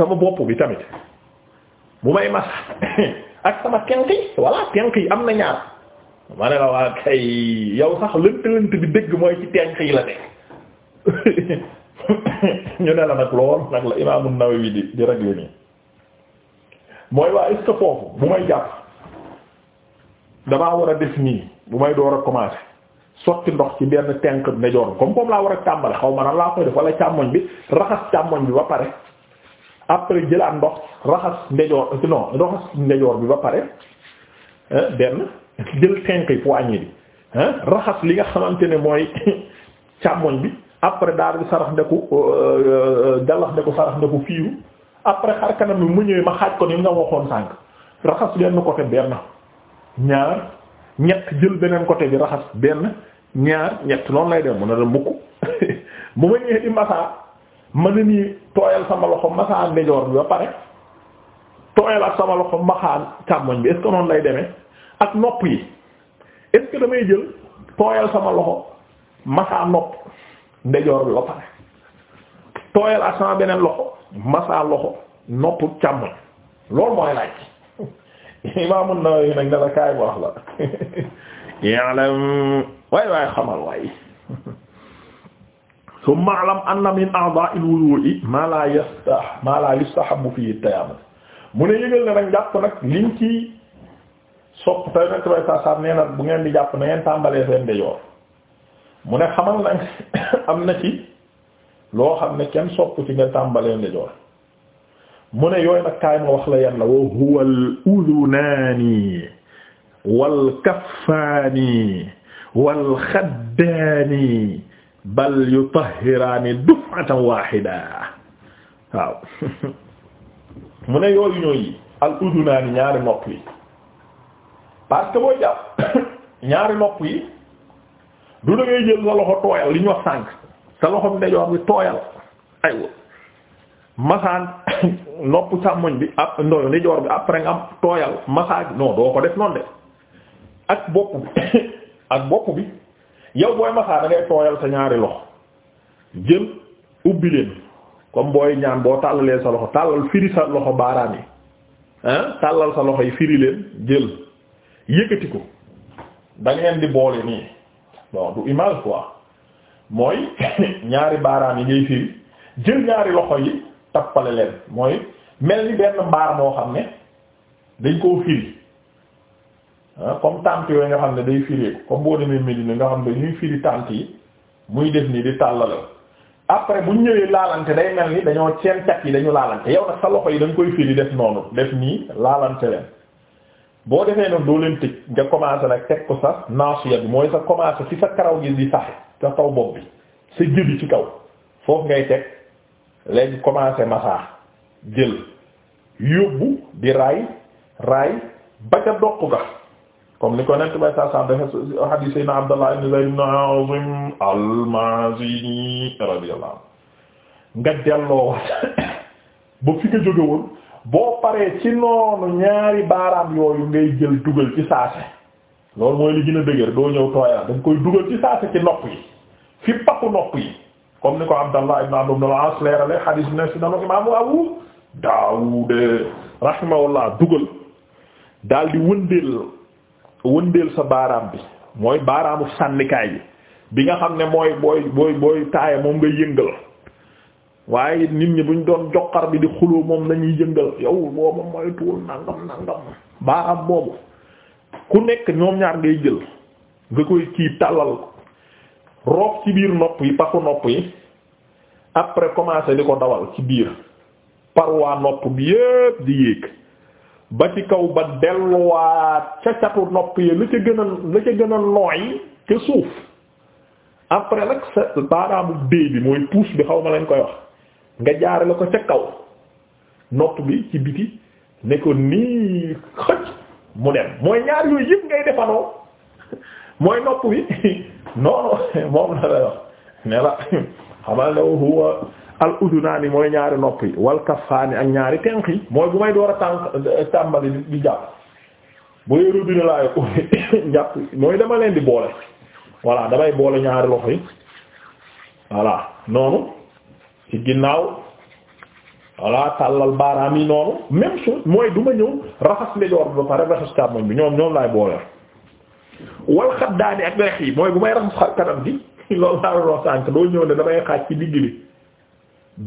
sama bopp bi tamit bu may mas ak sama tenk yi voilà tenk yi am na ñaar ma ne la waa kay yow sax lënt lënt bi dëgg mooy ci tenk yi la de ñu ne la nag lool nag la Imaam An-Nawawi di di régler mooy waa est-ce foofu bu may jàpp damaa war a def nii bu may door a commencer sotti ndox ci benn tenk ne comme comme laa war a tàmbale xaw ma nan laa koy def wala càmmoñ bi raxas càmmoñ bi ba pare après jëlaat ndox raxas ndejoor non raxas ndejoor bi ba pare benn jël tenk yi poignée bi raxas li nga xamante ne mooy càmmoñ bi après daal di sarax ndeku gallax euh, euh, ndeku sarax ndeku fiiwu après xar kanam bi mu ñëwee ma xaaj ko ni nga waxoon sànq raxas benn côté benn ñaar ñett jël beneen côté bi raxas benn ñaar ñett noon lay dem mun a dem mukk bu ma ñëwee di masaa ma na nii tooyal sama loxo maxaan ndejoor bi ba pare tooyal ak sama loxo maxaan càmmoñ bi est noonu lay demee ak nopp yi est damay jël tooyal sama loxo masaa nopp ndejoor bi ba pare tooyal ak sama beneen loxo masaa loxo nopp càmmoñ loolu mooy laaj Imaam An-Nawawi nag ne la kaay bu la ya'lam waay waay xamal waay thumma alam anna min a'dha'il wudu'i ma la yastah ma la yustahabbu fihi at-tayammum mu ne yëgal ne nag jàpp nag liñ ci sopp tey nag tubay saa saam nee na bu ngeen di jàpp na ngeen tàmbalee seen ndeyoor mu ne xamal nag am na ci loo xam ne kenn sopp ci nga tàmbalee ndeyoor mu ne yooyu nag kaay ma wax la yan la wa huwa al-udhunaani wal kaffaani wal xaddaani bal yutahhiraani duf'atan waahida waaw mu ne yooyu ñooy al udunaani ñaari nopp yi parce que jàpp ñaari nopp yi du da jël sa loxo tooyal li ñu wax sànq sa loxo ndejoor bi tooyal aywa masaan nopp càmmoñ bi ab ndoyo ndejoor bi après nga am tooyal massage non doo ko def noonu de ak bopp bi ak bopp bi yow booy masaa da tooyal sa ñaari loxo jël ubbi leen comme booy ñaan boo tàllalee sa loxo tàllal firi sa loxo baaraam yi ah tàllal sa loxo yi firi leen jël yëkkati ko da ngeen di boole nii bon du image quoi mooy ñaari baaraam yi ngay firi jël ñaari loxo yi tappale leen mooy mel ni benn mbaar xam ne dañ koo firi Ah, comme tànt yooyu nga xam ne day firi comme boo demee Médina nga xam ne ñuy firi tànt yi muy def nii di tàllale après bu ñu ñëwee laalante day mel ni dañoo seen cat yi dañu laalante yow nag sa loxo yi da nga koy firi def noonu def nii laalante leen boo defee noonu doo leen tëj nga commencé nag teg ko sa naasiya bi mooy sa commencé fi sa karaw gi di saxe sa kaw bopp bi sa jëbi ci kaw foofu ngay teg léegi commencé masaa jël yóbbu di raay raay ba ca doq ga comme ni ko nekk bay saa saa dafa hadith sayyidina Abdallah ibn Zayd ibn Azim al-Mazini nga delloo ba fi nga jóge boo paree ci noonu ñaari baaraam yooyu ngay jël dugal ci saase loolu mooy li gën a dëgër doo ñëw tooyal dañ koy dugal ci saase ci nopp yi fi pakku nopp yi comme ni ko Abdallah ibn Amr ibn al-As leerale hadith bi nekk si dama imaamu Abu Daawud rahimahullah dugal daal wëndeel wëndeel sa baaraam bi mooy baaraamu sànnikaay bi bi nga xam ne mooy booy booy booy taaya moom nga yëngal waaye nit ñi buñ doon joxar bi di xuloo moom lañuy yëngal yow boobu mooy tuul nangam nangam baaraam boobu ku nekk ñoom ñaar ngay jël nga koy kii tàllal roof ci biir nopp yi paku nopp yi après commencer di ko dawal ci biir paroi nopp bi yépp di yéeg ba ci kaw ba delluwaat ca catu nopp yi la ca gën a la ca gën a nooy ca suuf après nag sa baaraamu bi mooy pouce bi xaw ma lañ koy wax nga jaare la ko ca kaw nopp bi ci biti ne ko nii xëcc mu dem mooy ñaar yooyu yëpp ngay defanoo mooy nopp bi non moom la lay wax la xamal ne huwa al ni mooy ñaari nopp yi wal kaffaani ak ñaari tenq yi mooy bu may door a tànk eh, tàmbali di jàpp bu dee robinet laa yor jàpp mooy dama leen di boole voilà damay boole ñaari loxo yi voilà noonu ci ginnaaw voilà tàllal baaraam yi noonu même chose mooy du ma ñëw raxas ndeyjoor bi ba pare raxas càmmoñ bi ñoom ñoom laay boole wal xaddaani ak rex yi mooy bu may raxas kanam gi loolu laa doon wax doo ñëw ne damay xaaj ci digg li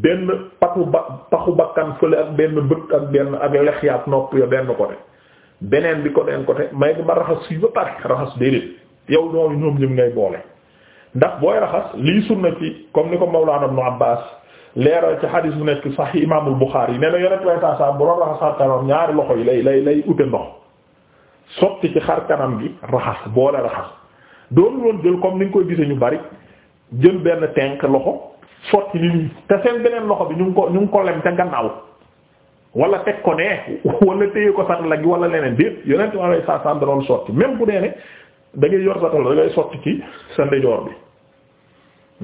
benn paxu ba paxu bakkan fële ak benn bët ak benn ak lex yaat nopp ya benn côté beneen bi ko benn côté may ma raxas fii ba pare raxas déedéet yow loolu ñoom ñoom ngay boole ndax booy raxas lii sunna ci comme ni ko Mawlaana Ibnu Abbaas leeral ci xadiis bu nekk Sahih Imaamul Buxaari yi nee na yonent way saa saa bu doon raxasaat ñaari loxo yi lay lay lay ute ndox sotti ci xar kanam gi raxas boole raxas doon woon jël comme ni nga koy gisee ñu bari jël benn tenk loxo. sotti nit ñi te seen beneen loxo bi ñu ngi ko ñu ngi ko lem ca gannaaw wala teg ko ne wala téye ko satala gi wala leneen déet yonent ma lay saa saa da doon sotti même bu dee ne da ngay yor satala da ngay sotti ci sa ndeyjoor bi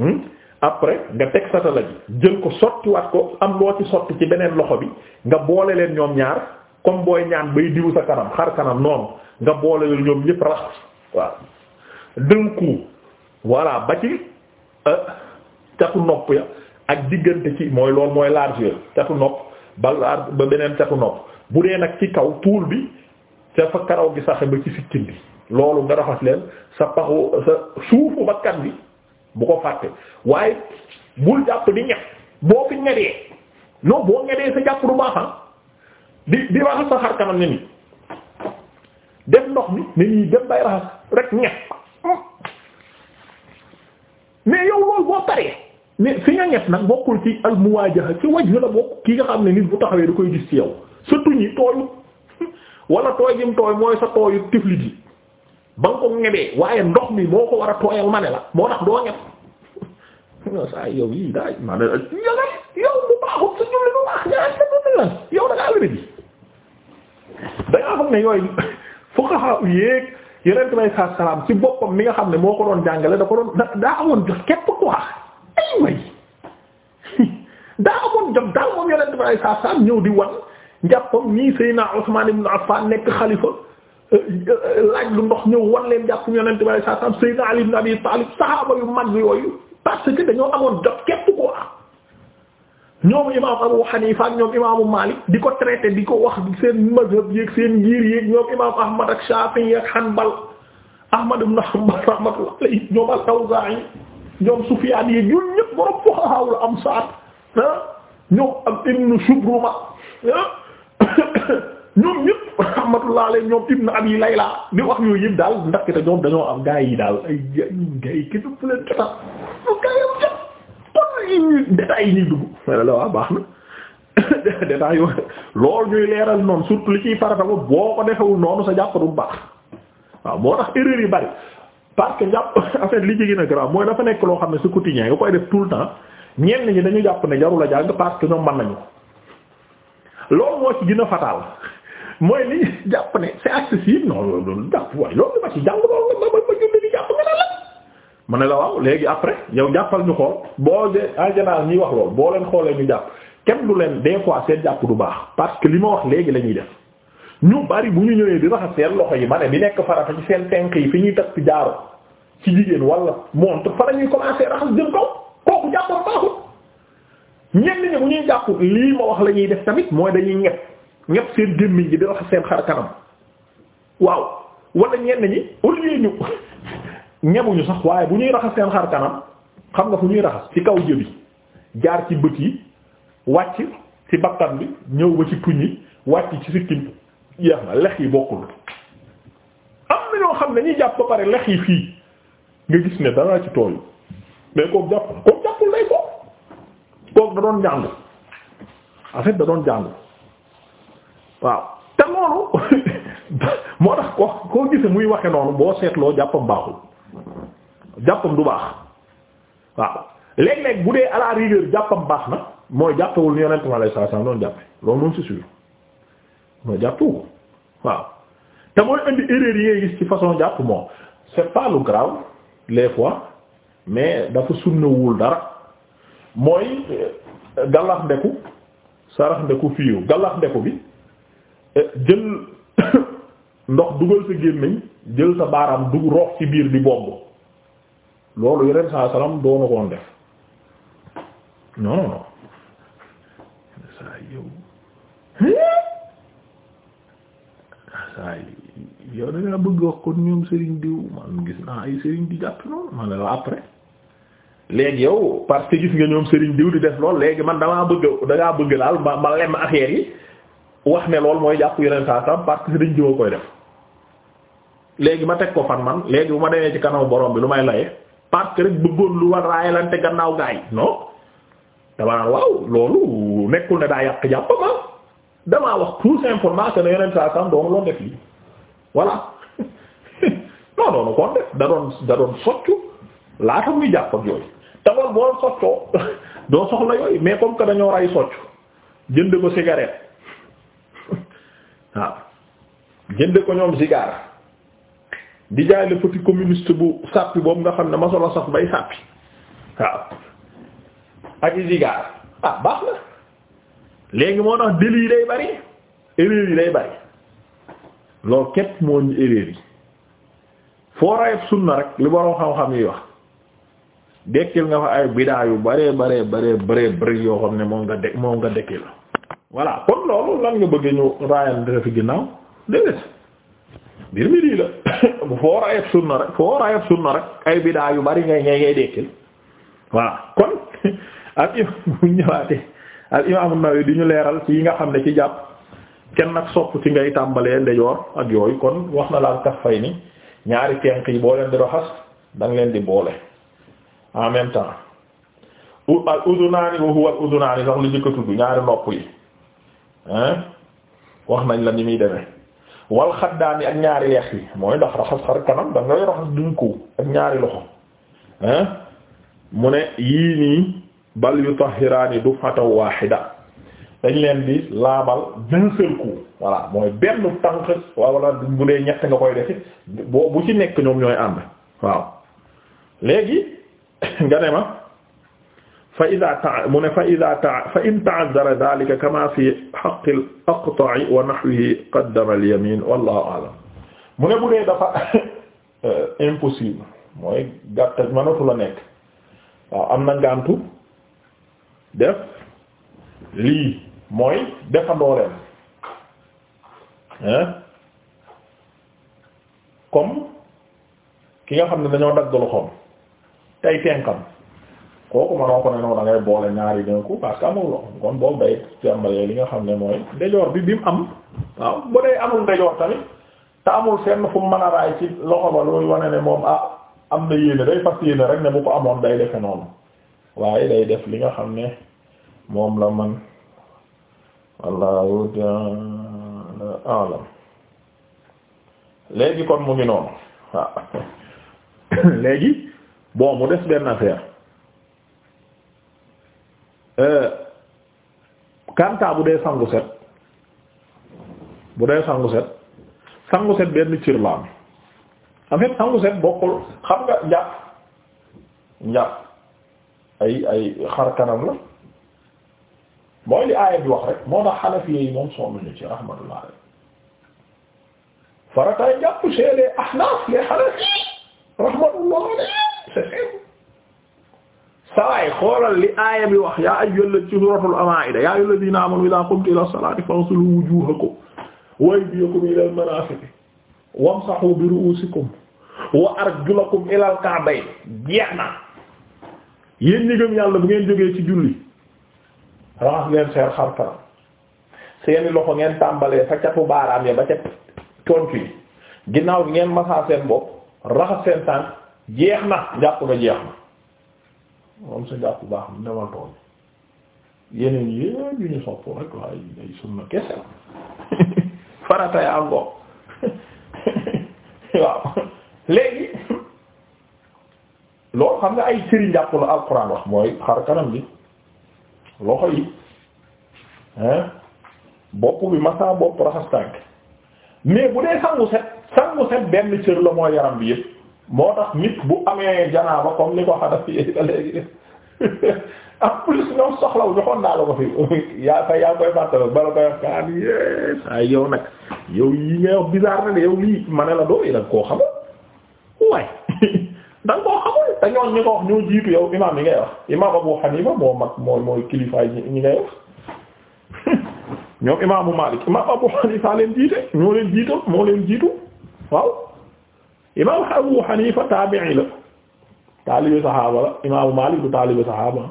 hmm? après nga teg satala gi jël ko sottiwaat ko am loo ci sotti ci beneen loxo bi nga boole leen ñoom ñaar comme booy ñaan bay diw sa kanam xar kanam noonu nga boole leen ñoom ñëpp raxas waaw dënku voilà ba ci. Euh, catu nopp ya ak diggante ci mooy loolu mooy largeur catu nopp ba large ba beneen catu nopp bu dee nag ci kaw tuul bi ca fa karaw gi saxe ba ci sikkin bi loolu nga raxas leen sa paxu sa suufu bakkan bi bu ko fàtte waaye bul jàpp di ñet boo fi ñetee non boo ñetee sa jàpp du baaxam ah di di raxas sa xar kanam ne nii def ndox mi ne nii def bay raxas rek ñet hmm. mais yow loolu boo paree mais fi nga ñett nag bokkul ci al muwaajaha ci wajhu la bokk ki nga xam ne nit bu taxawee da koy gis ci yow sa tuñ yi tooyut wala tooy gi tooy mooy sa tooyut tiflit ba ko ñebee waaye ndox mi moo ko war a tooyal ma ne la moo tax doo ñett saa yow yi daay ma ne yagal yow bu baaxut sa julli bu baax la da ngaa yéeg yeneen may sa salaam ci boppam mi nga xam ne moo ko doon jàngale da ko doon daa amoon jox képp ko ii way daa amoon jom daal moom yonent bi ay saa saam ñëw di wan njàppam ñii Seydina Usmaan ibn Affan nekk xalifa euh, euh, laaj lu ndox ñëw wan leen jàpp yonent bi ay saa saam Ali ibn Abi Talib saxaaba yu mag yooyu parce que dañoo amoon jot képp koo am ñoom imaam Abu Hanifa ñoom imaamu Malik di ko traité di ko wax seen mazhab yeeg seen ngir yeeg ñoom imaam Ahmad ak Shafi'i ak Hanbal Ahmad ibn Hanbal rahmatullah alayhi ñoom al-Awza'i ñoom Sufyaan yi ñun ñëpp borom fuqahaawul am saat ah ñoom ak ibnu Shubruma ah, ñoom ñëpp rahmatullah alayhi ñoom ibnu Abi Layla di wax yooyu yëpp daal ndax te ñoom dañoo am gaa yi daal ay gaa yi kenn ku leen jotal bu gaa yi am jot toll yi ñuy détails yi ñuy dugg wala la waa baax na détails yo loolu ñuy leeral noonu surtout li ciy farata ba boo ko defewul noonu sa jàpp du baax waaw moo tax erreur yi bari parce que jàpp en li ci gën a grave mooy dafa nekk loo xam ne c'est quotidien nga koy def tout le temps ñenn ñi dañu jàpp ne jarul a jàng parce que ñoom mën nañu loolu moo ci gën fatal mooy li jàpp ne c'est accessible non loolu jàpp ma ci jàng loolu ma ma jàpp nga ne la ma ne la waaw léegi ñu xool boo de en ñuy wax loolu boo leen xoolee ñu jàpp kenn du leen des fois seen jàpp du baax parce que li ma wax léegi la ñuy def ñu bari bu ñu ñëwee di raxas seen loxo yi ma bi di nekk farata ci seen tenk yi fi ñuy takk jaaro ci jigéen wala montre fa lañuy commencer raxas jëm kaw kooku jàppam baaxut ñenn ñi bu ñuy jàpp lii ma wax lañuy def tamit mooy dañuy ñepp ñepp seen gémmiñ gi di raxas seen xar kanam waaw wala ñenn ñi au lieu ñu ñebuñu sax waaye bu ñuy raxas seen xar kanam xam nga fu ñuy raxas ci kaw jëbi jaar ci bët yi wàcc ci bakkan bi ñëw ba ci tuñ yi wàcc ci sikkim yeex na lex yi bokkul am na ñoo xam ne ñuy jàpp ba pare lex yi fii nga gis ne dara ci tool yi mais kooku jàpp kooku jàppul day foofu kooku da doon jàngu en da doon jàngu waaw te noonu moo tax ko koo gise muy waxe noonu boo seetloo jàppam baaxul jàppam du baax waaw léeg-léeg bu dee à la rigueur jàppam baax na mooy jàppewul ni yonent mi sallallahu alayhi wasallam doon jàppe loolu moom c'est sûr mooy jàppewu ko waaw te mooy indi erreur yi ngay gis ci façon jàpp moom c'est pas lu grave les fois mais dafa sunnawul dara mooy euh, gallax ndeku sarax ndeku fiiw gallax ndeku bi euh, jël ndox dugal sa gémmiñ jël sa baaraam du roox ci biir di bomb loolu yeneen saa salaam doonu koon def non non saa yow hmm? yow da ngaa bëgg wax kon ñoom Serigne diw man gis naa ay Serigne di jàpp noonu man la après léegi yow parce que gis nga ñoom sëriñ diw di def lool léegi man damaa bëgg da bëgg laal ma ma lem affaire yi wax ne lool mooy jàpp yeneen saa sam parce que Serigne diw a koy def léegi ma teg ko fan man léegi bu ma demee ci kanam borom bi lu may laye parce que rek bëggoon lu war raayalante gannaaw gaa yi non dama naan waaw loolu nekkul ne daa yàq jàpp ma ah. damaa wax tout simplement que ne yeneen voilà non doonu kon def da doon da doon soccu laata muy jàpp ak yooyu te loolu boo soccoo doo soxla yooyu mais comme que dañoo ray soccu jënd ko cigarette waaw jënd ko ñoom cigare di jaay le petit communiste bu sàppi boobu nga xam ne ma solo sax bay sàppi waaw ak i cigare ah baax na léegi moo tax délit yi day bari erreur yi day bari loolu képp moo ñu erreur yi foo rayab sunna rek li borom xam-xam yi wax dekkil nga fa ay bidaa yu bare bare bare bare bëri yoo xam ne moom nga de moom nga dekkil voilà kon loolu lan nga bëgg ñu raayal dara fi ginnaaw déedéet mbir mi di la foo rayab sunna rek foo rayab sunna rek ay bidaa yu bari ngay ngay ngay dekkil voilà kon ak bu ñëwaatee al imam An-Nawawi di ñu leeral yi nga xam ne ci jàpp. kenn nag sopp ci ngay tàmbalee ndejoor ak yooyu kon wax na laal kaffay ni ñaari tenk yi boo leen di raxas da leen di boole en même temps al udunaani wa huwa al sax lu jëkka tudd ñaari nopp yi hein wax nañ la ni muy demee wal xaddaani ak ñaari leex yi mooy ndax raxas xar kanam da raxas duñ ko ak ñaari loxo hein mu ne yii nii bal yutahhiraani dufatan waahida dañ leen di laabal d'un seul coup mooy benn tànk wala bu dee ñett nga koy defi boo bu ci nekk ñoom ñooy ànd waaw léegi nga ne ma fa ida ta mu ne fa ida ta fa in ta'azzara dhalika kama mu ne bu dee dafa euh, impossible mooy gàtta mënatu la nekk waaw am na ngantu def lii mooy defandoo leen comme ki nga xam ne dañoo dagg loxoom tey tenkam kooku manoo ko ne noonu da boole ñaari d'un coup parce que amul loxo kon boobu day càmbalee li nga xam ne mooy ndejoor bi bi mu am waaw bu dee amul ndejoor tamit te amul fenn fu mu mën ci loxo ba luy wane ne moom ah am na yéene day fas yéene rek ne bu ko amoon day defe noonu waaye day def li nga xam ne moom la man wallahu ta'ala a'lam léegi kon mu ngi noonu waaw léegi bon mu des benn affaire euh, kanta bu dee sangu set bu dee sangu set sangu set benn cër la sangu set bokkul xam nga njàpp njàpp ay ay xar kanam la mooy li aaya bi wax rek moo tax xanafi yi moom sonnuñu ci rahmatullah rek farataay njàpp chez les ahnaf les xanafi rahmatullah rek c'est simple sawaay xoolal li aaya bi wax yaa ayyuhal la ci suratul maa'ida yaa ayyuhal ladina amanu idaa qumtum ila salaati faghsilu wujuhakum wa aydiyakum ila al marafiqi wamsahu bi ru'usikum wa arjulakum ila al ka'bayn jeex na yéen ñi gëm yàlla bu ngeen jógee ci julli raxas leen seen xar kanam seeni loxo ngeen tàmbalee fa catu baaraam ya ba ca tontu ginnaaw bi ngeen masaa seen bopp raxas seen tànk jeex na jàpp nga jeex na moom sa jàpp baax na newal tool yeneen yépp yu ñu sopp rek waaye day sunna kese farata yaa ngoom waaw léegi loolu xam nga ay sëriñ jàpp la alxuraan wax mooy xar kanam bi loxo yi hein bopp bi massa bopp raxas tànk mais bu dee sangu set sangu set benn cër la moo yaram bi yëpp moo tax nit bu amee janaaba comme ni ko xanaa fii ba léegi en plus ñoom soxlaw joxoon naa la ko fi yaa sa yaa koy fàttali bala koy wax kaan yées eh, ay yow nag yow yi ngay wax na de yow lii ma la doo yi nag koo xam da nga koo xamul te ñoon ñi ko wax ñoo jiitu yow imaam yi ngay wax imaam Abu Hanifa moo mag mooy mooy kilifaay ñi ngay wax ñoom Malik imaam Abu Hanifa leen jiite ñoo leen jiitu moo leen jiitu waaw imaam Abu Hanifa taabi'i la taalibe saxaaba la imaamu Malik du taalibe saxaaba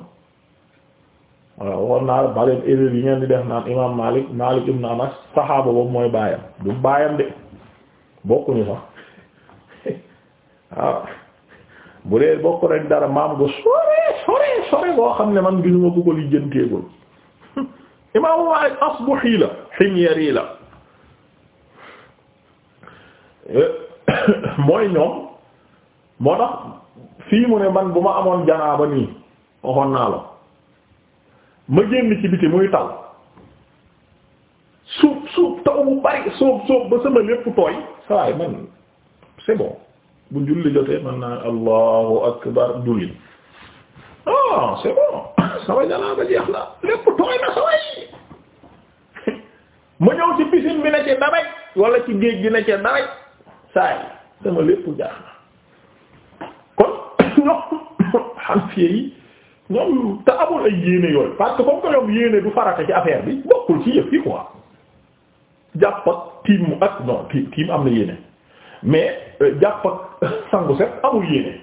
waaw war naa la baleen erreur yi ngeen di def naan imaam Malik Malik ibn Anas saxaaba boobu mooy baayam du baayam de bokkuñu sax waaw bu dee bokk rek dara maam gu sore sore sore boo xam ne man gisuma ma ko lijjanteegul imaamu Maalik Asbahi la Himyari la mooy ñoom moo tax fii mu ne man bu ma amoon janaaba nii waxoon naa la ma génn ci biti muy taw suub suub taw bu bari soob soob ba sama lépp tooy sawaay man c'est bon bu julli jotee man naa allahu akbar julli ah c'est bon sama janaaba jeex na lépp tooy na saway ma ñëw ci piscine bi na ci dabaj wala ci géej gi na ci dabaj saay sama lépp jaax na kon ñoom Hanafi yi ñoom te amul ay yéene yooyu parce que comme que ñoom yéene du farata ci affaire bi bokkul ci yëf yi quoi jàpp ak tiim ak non tiim am na yéene mais euh, jàpp ak sangu set amul yéene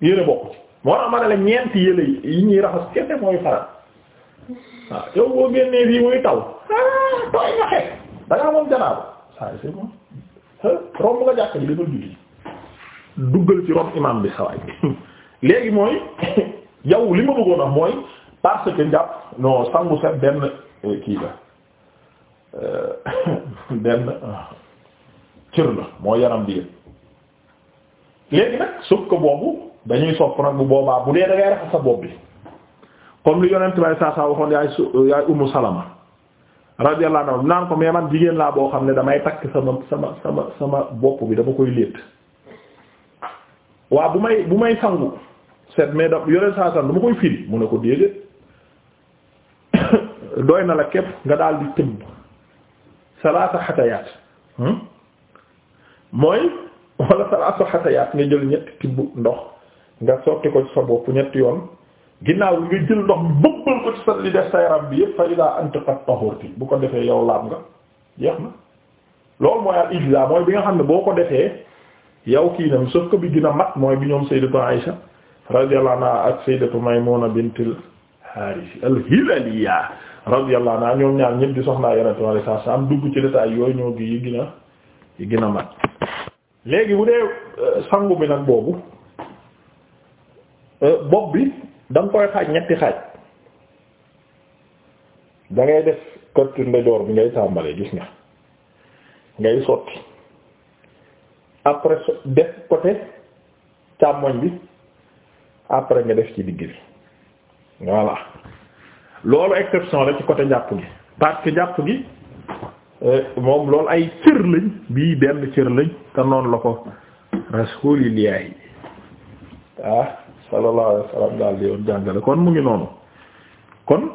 yéene bokk ci moo tax ma ne la ñeenti yële yi ñuy raxas kese mooy faral waaw yow boo génnee fii muy taw ah tooy nga xeex da moom janaaba saa yi c'est bon romb nga jàkk bi dafa julli duggal ci rom imam bi sawaay léegi mooy yow li ma bëggoon a mooy parce que jàpp non sangu set benn eh, kii la euh, benn ah, cër la moo yaram bi léegi nag suuf ko boobu dañuy sopp nag bu boobaa bu dee da ngay sa bopp bi comme li yonent bay saa saa waxoon yaay su yaay Ummu Salama radiyallahu anha naan ko mais man jigéen laa boo xam ne damay takk sama sama sama sama bopp bi dama koy létt waaw bu may bu may sangu set mais da yonent saa saa dama koy firi mu ne ko déedéet doy na la képp nga daal di tëmb salaasa xatayaat hmm? mooy. wala salaasu xatayaat nga jël ñetti tibb ndox nga sotti ko ci sa bopp ñetti yoon ginnaaw nga jël ndox mi bëbbal ko ci sa li def sa bi yëpp fa ida anta bu ko defee yow laab nga jeex na loolu mooy al ijza mooy bi nga xam ne boo ko defee yow kii na sauf que bi gën a mat mooy bi ñoom sayyidatu Aisha radiyallahu anha ak sayyidatu Maymuna bintul Harith al-Hilaliya radiyallahu anha ñoom ñaar ñëpp di soxnaa yonente mi sallallahu alayhi wasallam dugg ci détail yooyu ñoo gi yi gën a yi gën mat léegi bu dee euh, sangu bi nag boobu euh, bopp bi da nga koy xaaj ñetti xaaj da ngay def côté ndeyjoor bi ngay tàmbalee gis nga ngay sotti après def côté càmmoñ bi après nga def ci digg bi voilà loolu exception la ci côté jàpp gi parce que gi. Euh, moom loolu ay cër lañ bii benn cër lañ te noonu la ko rasulillahi ah sallallahu alayhi wasallam daal di yoon jàngale kon mu ngi noonu kon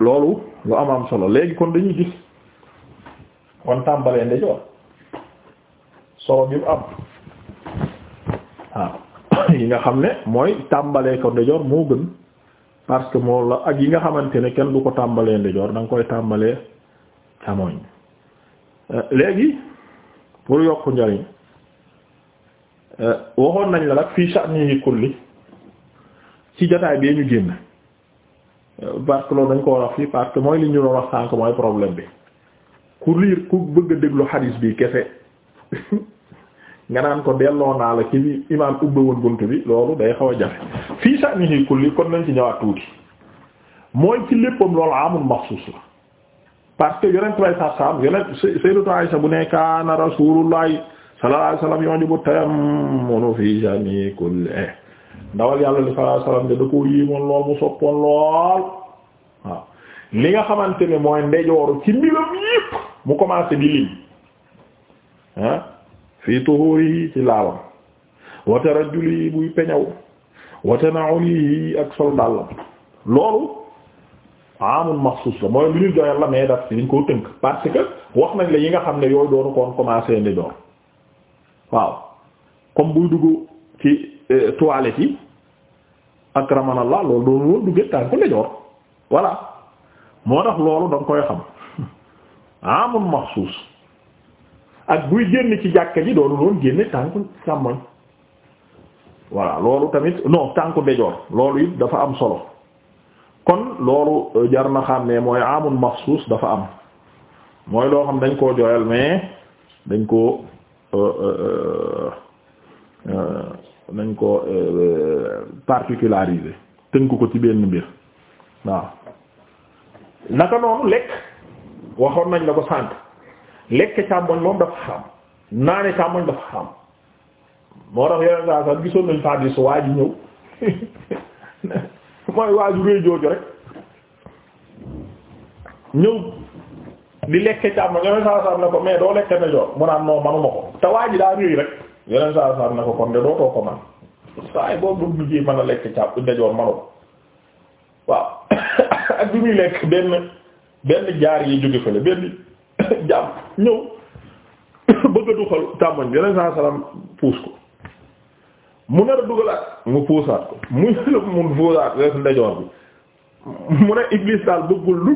loolu lu am am solo léegi kon dañuy gis kon tàmbalee ndejoor solo bi mu am waaw yi nga xam ne mooy tàmbalee ko ndejoor moo gën parce que moo la ak yi nga xamante ne kenn du ko tàmbalee ndejoor da nga koy tàmbalee càmmoñ Euh, léegi pour yokk njariñ euh, waxoon nañ la nag fii sha'nihi kulli ci jotaay bi ñu génn euh, parce que loolu dañ ko war a fii parce que mooy li ñu doon wax sànk mooy problème bi ku liir ku bëgg a déglu xadiis bii kese nga naan ko delloo naa la ci imaam ubbewoon bunt bi loolu day xaw a jafe fii sha'nihi kulli kon nañ ci ñëwaat tuuti mooy ci léppam loolu amul maxsuus la parce que yonent bay sa sam yonent sayyidatu Aisha bu ne kaana rasulullahi sallallahu alayhi wasallam yujibu tayammunu fi jami kulli eh, ndawal yàlla li sallallahu alayhi wasallam de da koo yéemoon mu soppoon lool li nga xamante ne mooy ndejooru ci mbiram yépp mu commencé di lim ah, fii tuhurihi ci laawam wa tarajjulihi buy peñaw wa tana'ulihi ak sol dàllam loolu amul maxsuus la mooy lu ñu joyal la mais daf si liñ koo tënk parce que wax nañ la yi nga xam ne yooyu doonu koon commencé ni door waaw comme buy dugg ci euh, toilette yi ak ramanallah loolu doonu woon duggee tànk ko ndejoor moo tax loolu danga koy xam amul maxsuus ak buy génn ci jàkka ji doonu loon génne tànk sàmmoñ voilà loolu tamit non tànk ndejoor loolu it dafa am solo loolu jar na xam ne mooy amul maxsuus dafa am mooy loo xam dañ ko joyal mais dañ koo nañ euh, euh, euh, ko particularisé tënk ko ci benn mbir waaw naka noonu lekk waxoon nañ la ko sànq lekk càmmoñ moom dafa xam naane càmmoñ dafa xam moo tax yeneen saa sax gisoon nañ faa gis waa ji ñëw mooy waa ju réy jooju rek ñëw di lekk càmm yeneen saa saa ne ko mais doo lekk ne joor mu naan manuma ko te waa ji daa rek yeneen saa saa ne ko kon de dootoo ko man saay boobu du duggee mën a lekk jaar yi jóge càmmoñ yeneen saa salaam puus mu nar lu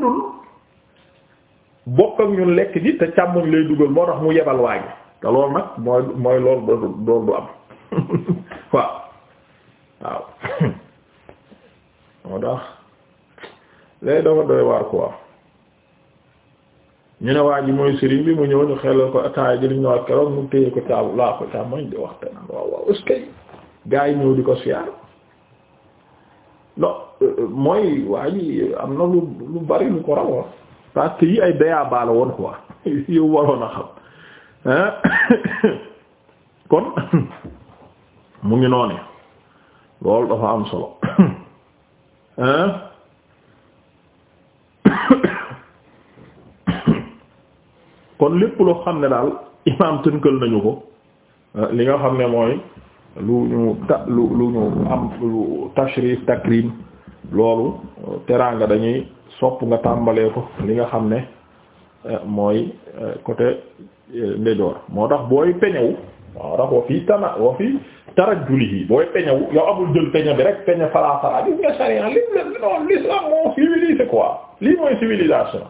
bokk ak ñun lekk ji te càmmoñ lay dugal moo tax mu yebal waa ji te loolu nag mooy mooy loolu du loolu du am waaw waaw moo tax léegi dafa doy waar quoi ñu ne waa ji mooy sëriñ bi mu ñëw ñu xelal ko ataaya ji ñu ñëwaat keroog mu téye ko càmmoñ di wax naan waaw waaw est gaa yi ñëw di ko siyaar non euh, euh, mooy waa ji am na lu lu bari lu ko rawoon. Ah. parce yi ay dayaa baala woon quoi yow waroon a xam kon mu ngi noonu loolu dafa am solo kon lépp loo xam ne daal imaam tënkal nañu ko euh, li nga xam ne mooy lu ñu ta lu lu ñu am lu tashrif takrim loolu euh, teraanga dañuy sopp nga tàmbalee ko li nga xam ne euh, mooy euh, côté euh, ndejoor moo tax booy peñewu waaw tax wa fii tana wa fii tarajjulihi booy peñewu yow amul jël peñe bi rek peñe fara fara gis nga sariya lim la noonu l'islam moo civilisé quoi lii mooy civilisation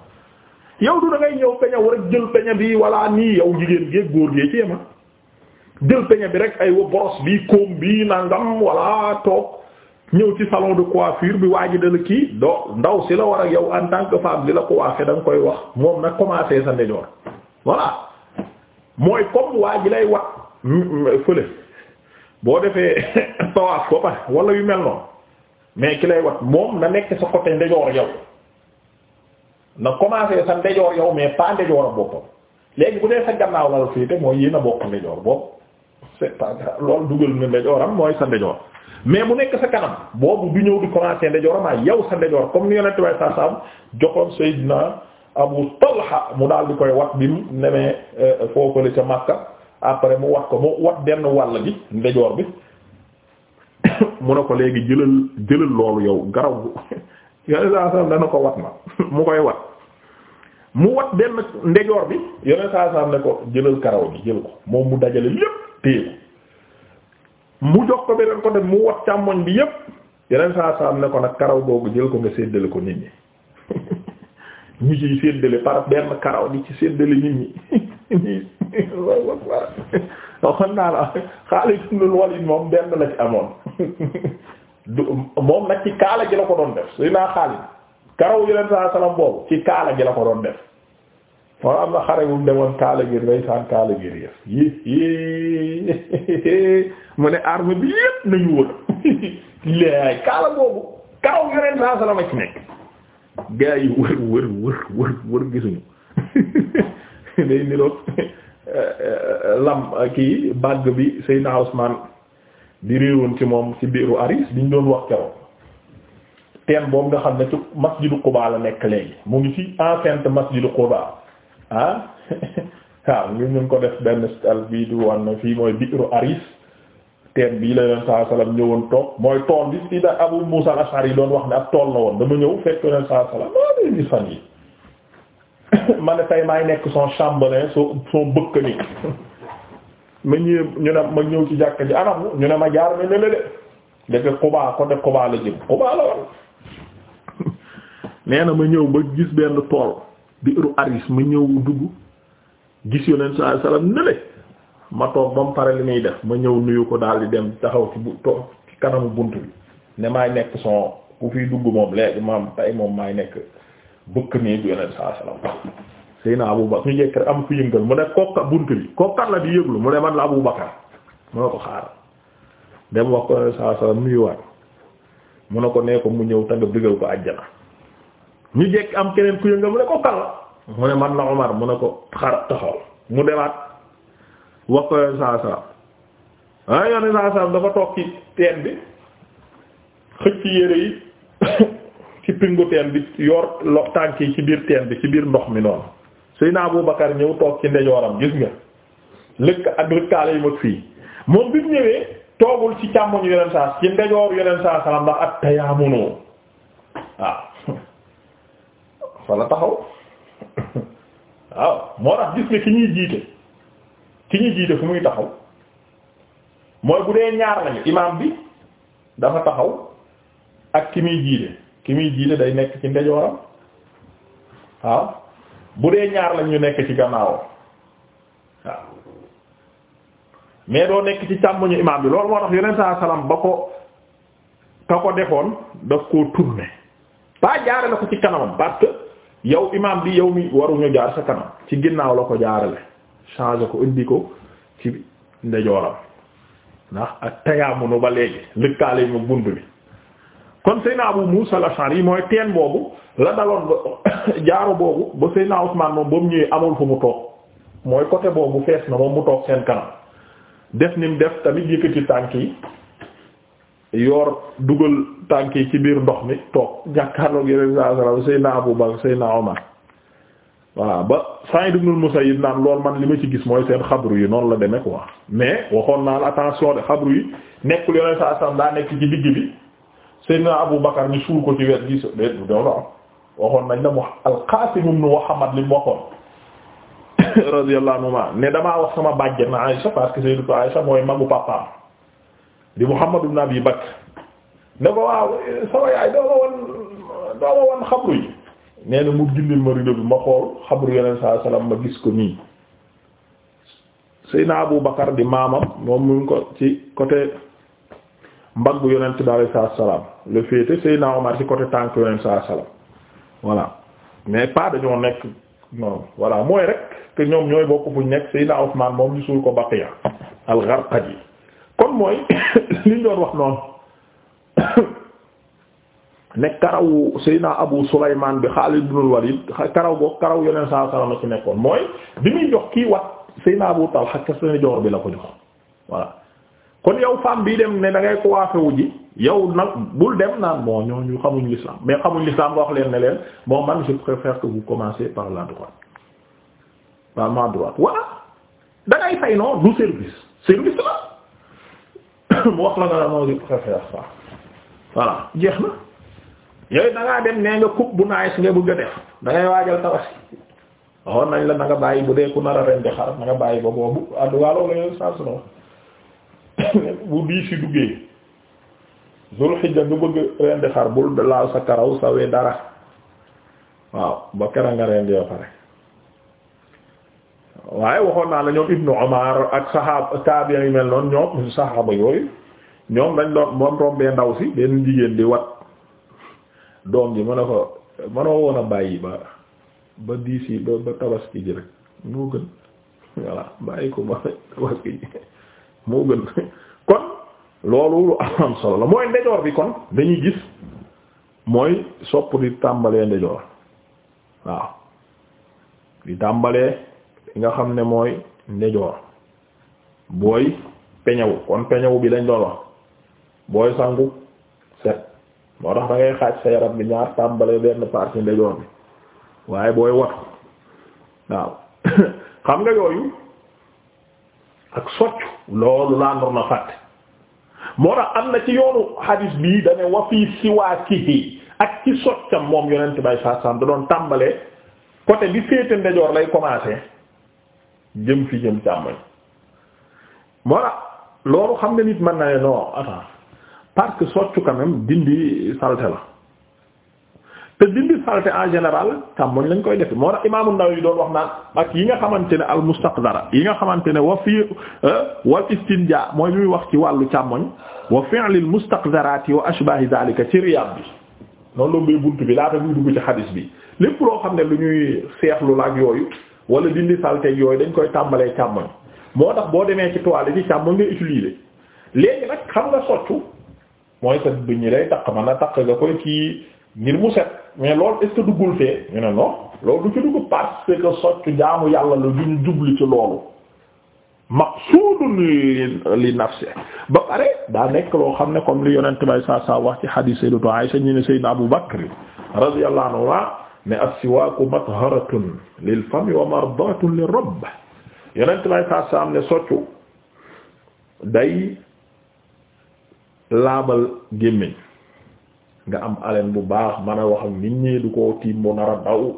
yow du da ñëw peñewu rek jël peñe bi walla nii yow jigéen géeg góor gee ci yema ah. jël peñe bi rek ay boros bi koom bi nangam walla toog ñëw ci salon de coiffure bi waa ji dala kii do ndaw si la war ak yow en tant que li la ko da nga koy wax moom nag commencé sa ndejoor voilà mooy comme waa lay wat fële boo defee tawaaf ko pare wala yu mel noonu mais ki lay wat moom na nekk sa côté ndejoor yow na commencé sa ndejoor yow mais pas ndejoor a boppam léegi bu dee sa gannaaw la la féete mooy yéen a bokk ndejoor bopp c'est pas loolu dugal na ndejooram mooy sa ndejoor mais mu nekk sa kanam boobu du ñëw di commencer ndejooram ay ah, yow sa ndejoor comme ni yonent way sa sam joxoon Seydina Abu Talha mu daal di koy wat bi mu nemee euh, foofale ca Makka après mu wat ko mu wat benn wàll bi ndejoor bi mu ne ko léegi jëlal jëlal loolu yow garaw yonent saa sam ko wat ma mu koy wat mu wat benn bi yonent saa sam ne ko jëlal karaw bi jël ko moom mu dajale lépp téye mu jox ko beneen côté mu wat càmmoñ bi yépp yeneen saa saa ne ko nag karaw googu jël ko nga séddale ko nit ñi ñu ciy séddale par benn karaw di ci séddale nit ñi moom benn la ci amoon moom nag ci kaala gi la ko doon def suy naa Xaalid karaw yeneen saa salaam boobu ci kaala gi la ko doon def wala am na xare bu demoon Kaalagir ndeysaan Kaalagir mu ne arme bi yépp nañu wër kaala boobu kaw yoreen saa salaam a ci nekk gaa yi wër wër wër wër wër gisuñu day niroog eh, eh, lam kii bàgg bi Seydina Usmaan di réewoon ci moom ci biiru Aris diñ doon wax keroog teen boobu nga xam ne ci masjidu Quba la nekk léegi mu ngi ci enceinte masjidu Quba ah waaw ñu ngi ko def benn al bii di wan na fii mooy biiru aris teen bii la yoneen saa salaam ñëwoon toog mooy tool bi si da Abu Musa al yi doon wax ne ak tool la woon dama ñëw fekk yoneen saa salaam maa ngi ma ne tey nekk son chambellan soo soo ma ñëw ñu ne ma ñëw ci jàkka ji anam ñu ne ma jaar ne ne de dëkk Quba côté Quba la jëm Quba la woon nee na ma ñëw ba gis benn tool biiru aris ma ñëw dugg gis yonent sallallahu alayhi wasallam ma toog ba mu pare li muy def ma ñëw nuyu ko daal di dem taxaw ci bu toog ci kanamu bunt bi ne maay nekk son ku fiy dugg moom léegi maam tay moom may nekk bëkk nii bu yonent sallallahu alayhi wasallam Seyna Abu Bakar am ku yëngal mu ne bunt bi kokkat la di yëglu mu man la mu ne ko xaaral dem wax ko yonent sallallahu alayhi wasallam nuyuwaat mu ne ko nee ko mu ñëw te nga ko àjjana ñu jekk am keneen ku yëngal mu ne ko kal mu ne man la Omar mu ne ko xar taxaw mu demaat wax ko yoon saa saa ah yoon saa dafa toog ci teen bi xëcc yére yi ci pingu teen bi yor lo tànk yi ci biir teen bi ci biir ndox mi noonu naa Abu Bakar ñëw toog ci ndeyjooram gis nga lëkk ak lëkkaale yu mag fii moom bi ñëwee toogul ci càmmoñ yeneen saa ci ndejoor yeneen saa salaam fa taxaw waaw moo tax gis nga ki ñuy jiite ki ñuy jiite fu muy taxaw mooy bu dee ñaar lañu imaam bi dafa taxaw ak ki muy jiite ki muy jiite day nekk ci ndejooram waaw bu dee ñaar lañ ñu nekk ci gannaawam waaw mais doo nekk ci càmmoñu imaam bi loolu moo tax yeneen saa salaam ba ko ka ko defoon daf koo tourner pas jaare la ko ci kanamam parce yow imaam bi yow mi waruñu jaar sa kanam ci ginnaaw la ko jaarale changé ko indi ko ci ndejooram ndax ak tayaamunu ba léegi lëkkaale mu bunt bi kon Seydina Abu Musa al yi mooy teen boobu la daloon jaaro boobu ba Seydina Usmaan moom ba mu ñëwee amul fu mu toog mooy côté boobu fees na moom mu toog seen kanam def ni mu def tamit yëkkati tànk yi yor dugal tànk yi ci biir ndox mi toog jàkkaarloog yeneen saa salaam Seydina Abu Bakr Seydina Omar voilà ba Sa'id ibn al-Musayyib naan loolu man li ma ci gis mooy seen xabru yi noonu la demee quoi mais waxoon naa la de xabru yi nekkul yeneen saa salaam daa nekk ci digg bi Seydina Abu Bakr ñu suul ko ci wet gi la waxoon nañ la mu mu waxoon radiyallahu anhu ne damaa wax sama bàjjen Aïcha parce que Sayyidatu Aïcha mooy magu papaam. di Muhammad ibn Abi Bakr ne ko waaw sama yaay doo ma won doo ma won xabru yi nee mu gindil ma rido bi ma xool xabru yeneen saa salaam ma gis ko nii Seyna Abu Bakar di maamam moom mu ngi ko ci côté mbaggu yonent bi alayhi salaatu salaam le féete Seyna Omar ci côté tànk yonent saa salaam voilà mais pas dañoo nekk non voilà mooy rek que ñoom ñooy bokk fu ñu nekk Seyna Ousmane moom ñu suul ko Baqiya al-Gharqadi kon mooy li ñu wax noonu ne karawu Seydina Abu Sulaymaan bi Xaalid ibnul Waliid karaw boobu karaw yeneen saa salaam a ci nekkoon mooy bi muy jox kii wat Seydina Abu Talha ca seen joor bi la ko jox voilà kon yow femme bii dem ne da ngay ko waafewu ji yow nag bul dem naan moo ñooñu xamuñ l'islam mais xamuñ l'islam nga wax leen ne leen moo man je préfère que vous commencez par la droite par ma droite voilà da ngay fay du service service la mu wax la nga a moo si préfère ça voilà jeex na yooyu da dem nee nga coupe bu nice nga bëgg a def da ngay waajal tabaski waxoon nañ la na bàyyi bu dee ku nar rendi xar na nga bàyyi ba boobu adduwaaloo la saa su bu dii duggee zul xijja nga bëgg rendi xar bul laal sa karaw sawee dara waaw ba kera nga rendi ba pare waaye waxoon naa la ñoom Ibnu Umar ak saxaab tabi'i yi mel noonu ñoom saxaaba yooyu ñoom dañ doon moom rombee ndaw si benn jigéen di wat doom ji mën a ko mënoo a bàyyi ba ba diis yi ko ba tabaski ji moo gën kon loolu am solo la mooy ndejoor bi kon dañuy gis mooy sopp di tàmbalee ndejoor waaw di tàmbalee nga xam ne mooy ndejoor booy peñawu kon peñawu bi lañ doon wax booy sangu set moo tax da xaaj sa yaram bi ñaar tàmbale benn partie ndejoor bi waaye booy wat waaw xam nga yooyu ak soccu loolu laa ndox na fàtte moo tax am na ci yoonu hadis bii da ne wa fii siwaakihi ak ci soccam moom yonent bay saa saam da doon tàmbalee côté bi féete ndejoor lay commencer jëm fi jëm càmmoñ moo la loolu xam ne nit mën na ne non attends parce que soccu quand dindi saleté la te dindi saleté en général càmmoñ lañ koy def moo tax imaamu Nawawi doon wax naan ak yi nga xamante ne al mustaqdara yi nga xamante ne wa fi euh, wal istinja mooy ñuy wax ci wàllu càmmoñ wa fi'lil mustaqdarati wa ashbahi dhalika ci Riyad bi noonu la bunt bi laata muy dugg ci xadis bi lépp loo xam ne lu ñuy seexlu la ak yooyu wala dindi salte yooyu dañ koy tàmbalee càmmoñ moo tax boo demee ci toile ci càmmoñ ngay utiliser léegi nag xam nga soccu mooy sa bu ñi lay taq man a taq nga koy kii ngir mu set mais loolu est-ce ñu ne non loolu du ci dugg parce soccu jaamu yàlla la du ñu jubli ci loolu maqsuudun li nafsi ba pare daa nekk loo xam ne comme li yonent bay saa saa wax ci hadith Sayyidatu Aisha ñu ne Sayyidina Abu Bakr radiyallahu anhu ne as-siwaaku matharatun lil fami wa mardatun lir yonent lay saa saam ne soccu day laabal gémmiñ nga am alen bu baax mën a wax ak nit ñi du ko tiim bu nar a daw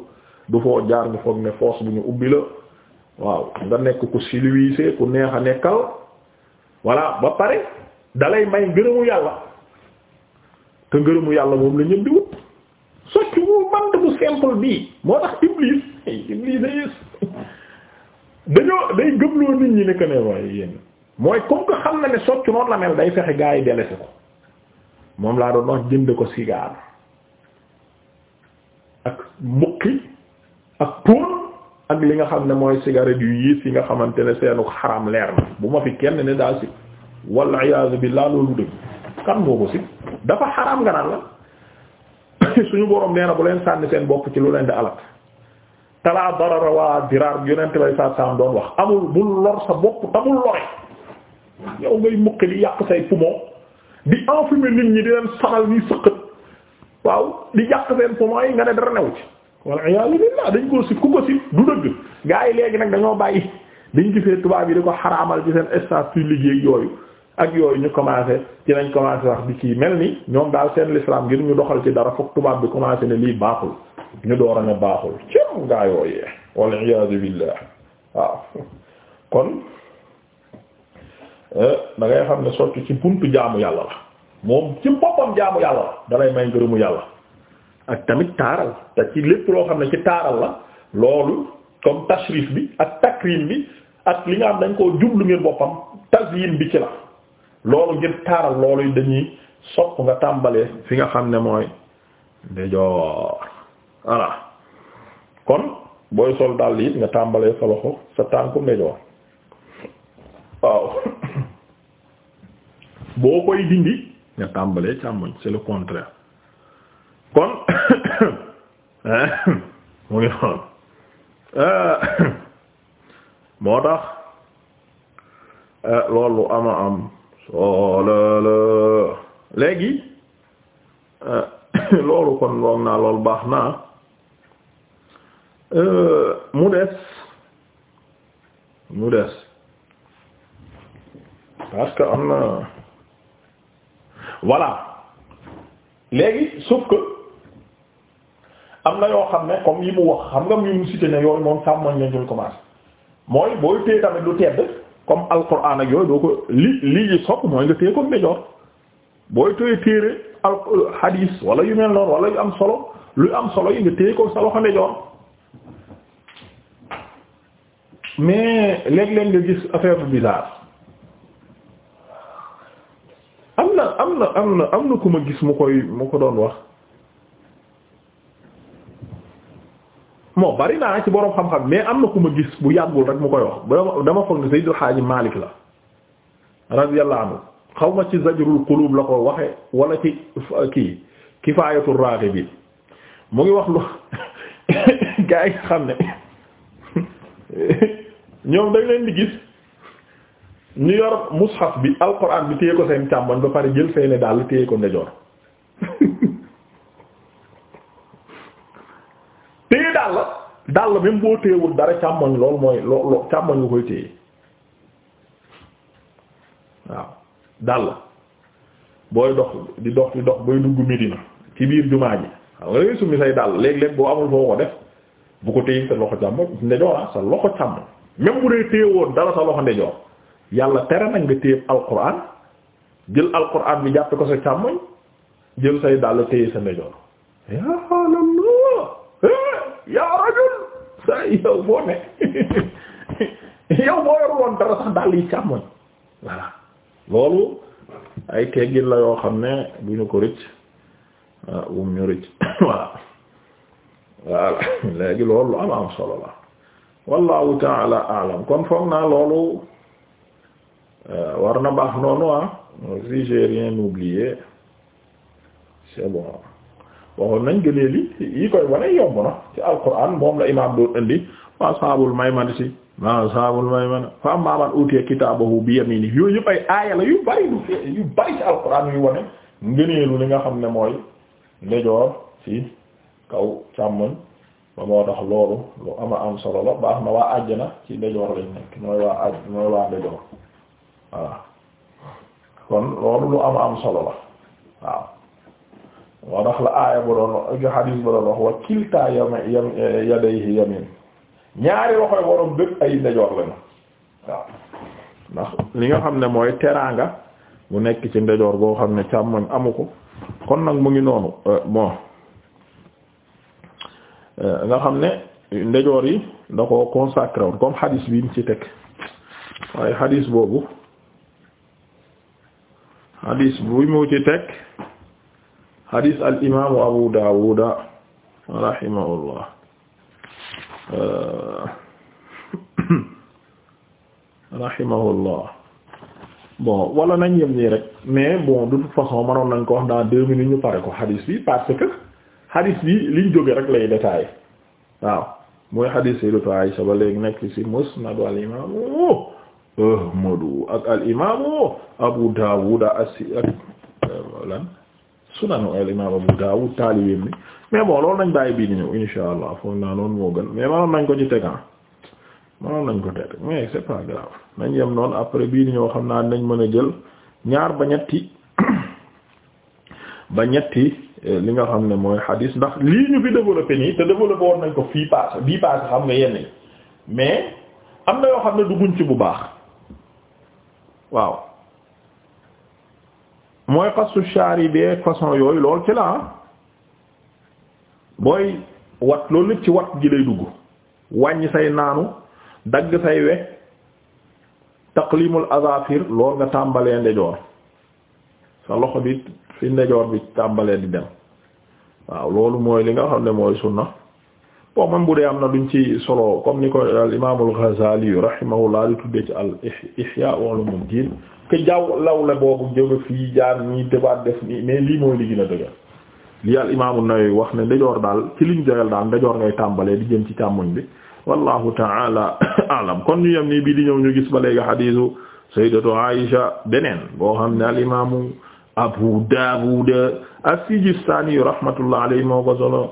du foo jaar nga foog ne force bu ñu ubbi la waaw nga nekk ku silwiise ku neex a nekkal voilà ba pare dalay may ngërëmu yàlla te ngërëmu yàlla moom la ñëpp di simple bii moo tax iblis iblis dañoo day gëmloo nit ñi nekk ne waaye yéen mooy comme que xam ne socc noonu la mel day fexe gaa yi délaissé ko moom laa doon wax jënd ko cigare ak mbuqi ak póon ak li nga xam ne mooy cigarette yu yiis yi nga xamante ne seenu xaram leer na bu ma fi kenn ne daa si wal iyaazu billaah loolu dëgg kan moo ko si dafa xaram nga naan la suñu borom nee na bu leen sànni seen bopp ci lu leen di alal talaa darara waa diraar yonent bay saa saam doon wax amul bul lor sa bopp tamul lore yow ngay mukki di yàq say poumon di enfumer nit ñi di leen sanal ñuy sëqët waaw di yàq seen poumon yi nga ne dara new ci walla iyaazu billaah dañ ko si ku ko si du dëgg gaa yi léegi nag dañoo bàyyi dañ gisee tubaab yi di ko xaraamal ci seen espace liggéey yooyu ak yooyu ñu commencé ci nañ commencé wax bi ci mel ni ñoom daal seen l'islam ngir ñu doxal ci dara foog tubaab bi commencé ne lii baaxul ñu door a ne baaxul cim gaa yooyee wal iyaadu billah waaw kon eh, da ngay xam ne sotti ci buntu jaamu yàlla la moom ci boppam jaamu yàlla la dalay may ngërëmu yàlla ak tamit taaral te ci lépp loo xam ne ci taaral la loolu comme tashrif bi ak takrim bi ak li nga xam dañ koo jublu ngir boppam tazyin bi ci la loolu ngir taaral loolu dañuy sopp nga tàmbalee fi nga xam ne mooy ndejoor voilà kon booy sol dàll yi nga tàmbalee sa loxo sa tànku ndejoor waaw boo koy dindi nga tàmbalee càmmoñ c'est le contraire kon mu ngi noonu moo tax eh, loolu ama am soo oh la léegi euh, loolu kon lool naa lool baax naa euh, mu des mu des parce que am na voilà léegi sauf que am na yoo xam ne comme yi mu wax xam nga mu cité ne yooyu moom sàmmoñ lañ koy commencé mooy booy téye tamit du tedd comme alquran ak yooyu doo ko li li ji sopp mooy nga téye ko ndejoor booy tooy téere al hadis wala yu mel noonu wala yu am solo lu am solo yi nga téye ko sa loxo ndejoor mais léeg-léeg nga gis affaire bu bizarre am na am na am na am na ku ma gis mu koy mu ko doon wax moo bari naa ci borom xam-xam mais am na ku ma gis bu yàggul rek mu koy wax dama foog ne Seydou Hadji Malick la radiyallahu anhu xaw ma ci zajrul qulub la ko waxe walla ci kii kifaayatu bi mu ngi wax lu gaa yi xam ne ñoom dañ leen di gis ñu yor mushaf bi alquran bi téye ko seen càmmoñ ba pare jël seeni dàll téye ko ndejoor dàll même boo téyewul dara càmmoñ lool mooy lool càmmoñ nga koy téye waaw dàll booy dox di dox di dox booy dugg Medina ci biir jumaa ji xam nga dangay summi say dàll léeg-léeg boo amul foo ko def bu ko téye sa loxo càmmoñ ndejoora ah sa loxo càmmoñ même bu dee téyewoon dara sa loxo ndejoor yàlla tere nag nga téye alquran jël alquran bi jàppe ko sa càmmoñ jël say dàll téye sa ndejoor yow boo ne yow boo yor dara sax daal yi càmmoñ voilà loolu ay teggin la yoo xam ne bu ñu ko rëcc ah wum ñu rëcc voilà voilà léegi loolu am am solo la wallahu taala alam kon foog naa loolu euh, war na baax noonu ah si j'ai rien oublié c'est bon waxoon nañ gëneel yi yi koy wane yomb na ci alquran moom la imaam doon indi wa saabul maymana si wa saabul maymana fa ammaa man utiya kitaabahu bi yaminihi yooyu yëpp ay aaya la yu bari yu bari ci alquran yu wane ngëneelu li nga xam ne mooy ndejoor ci kaw càmmoñ ba moo tax loolu lu ama am solo la baax na waa àjjana ci ndejoor lañ nekk mooy waa àjj mooy waa ndejoor voilà kon loolu lu ama am solo la waaw moo tax la aaya ba doon hadis ba doon wax wa kilta yam yam ñaari loxoy borom bépp ay ndejoor lañu waaw ndax li nga xam ne mooy teraanga mu nekk ci ndejoor boo xam ne càmmoñ amu ko kon nag mu ngi noonu euh, bon euh, nga xam ne ndejoor yi da ko consacré woon comme hadis bi mu ci teg waaye hadis boobu hadis bu mu ci teg hadis al imaamu Abu Daawuda rahimahullah uh, rahimahullah bon wala nañ yem nii rek mais bon de toute façon manoon nañ ko wax dans deux minutes ñu pare ko hadis bi parce que hadis bi liñ jóge rek lay détaillé waaw mooy hadis Sayyidatu Aisha ba léegi nekk ci musnadu al imaamu Ahmadu ak al imaamu Abu Daawuda as ak euh, lan sunanu al imam Abu Dawud taalibeem ni mais bon loolu nañ bàyyi bii ni ñëw insha allah foog naa noonu moo gën mais manoon nañ ko ci tegan ah. manoon nañ ko teg mais c'est pas grave nañ yem noon après bii ni ñëw xam naa nañ mën a jël ñaar ba ñetti ba ñetti eh, li nga xam ne mooy hadis ndax lii ñu fi développé nii te développé woon nañ ko fii paase bii paase xam nga yenn mais am na yoo xam ne dugguñ ci bu baax waaw mooy xasu yi beeg façon yooyu lool ci la mooy ah. booy wat loolu lépp ci wat gi lay dugg wàññi say naanu dagg say we taqlimul azafir lool nga tàmbalee ndejoor sa loxo bi fi ndejoor bi tàmbalee di dem waaw loolu mooy li nga xam ne mooy sunna bon même bu dee am na duñ ci solo comme ni ko al imaamul Ghazali rahimahullah di tuddee ci al Ihya ulumuddin que jaww law la boobu jóge fii jaar nii débat def nii mais lii mooy li gën a dëgër lii al imaamu Nawawi wax ne ndajoor daal ci liñ joyal daal ndajoor ngay tàmbalee di jëm ci càmmoñ bi wallahu ta'ala a'lam kon ñu yem nii bii di ñëw ñu gis ba léegi hadiisu sayyidatu Aisha beneen boo xam ne al imaamu Abu Dawud as-Sijistani rahmatullah alayhi moo ko solo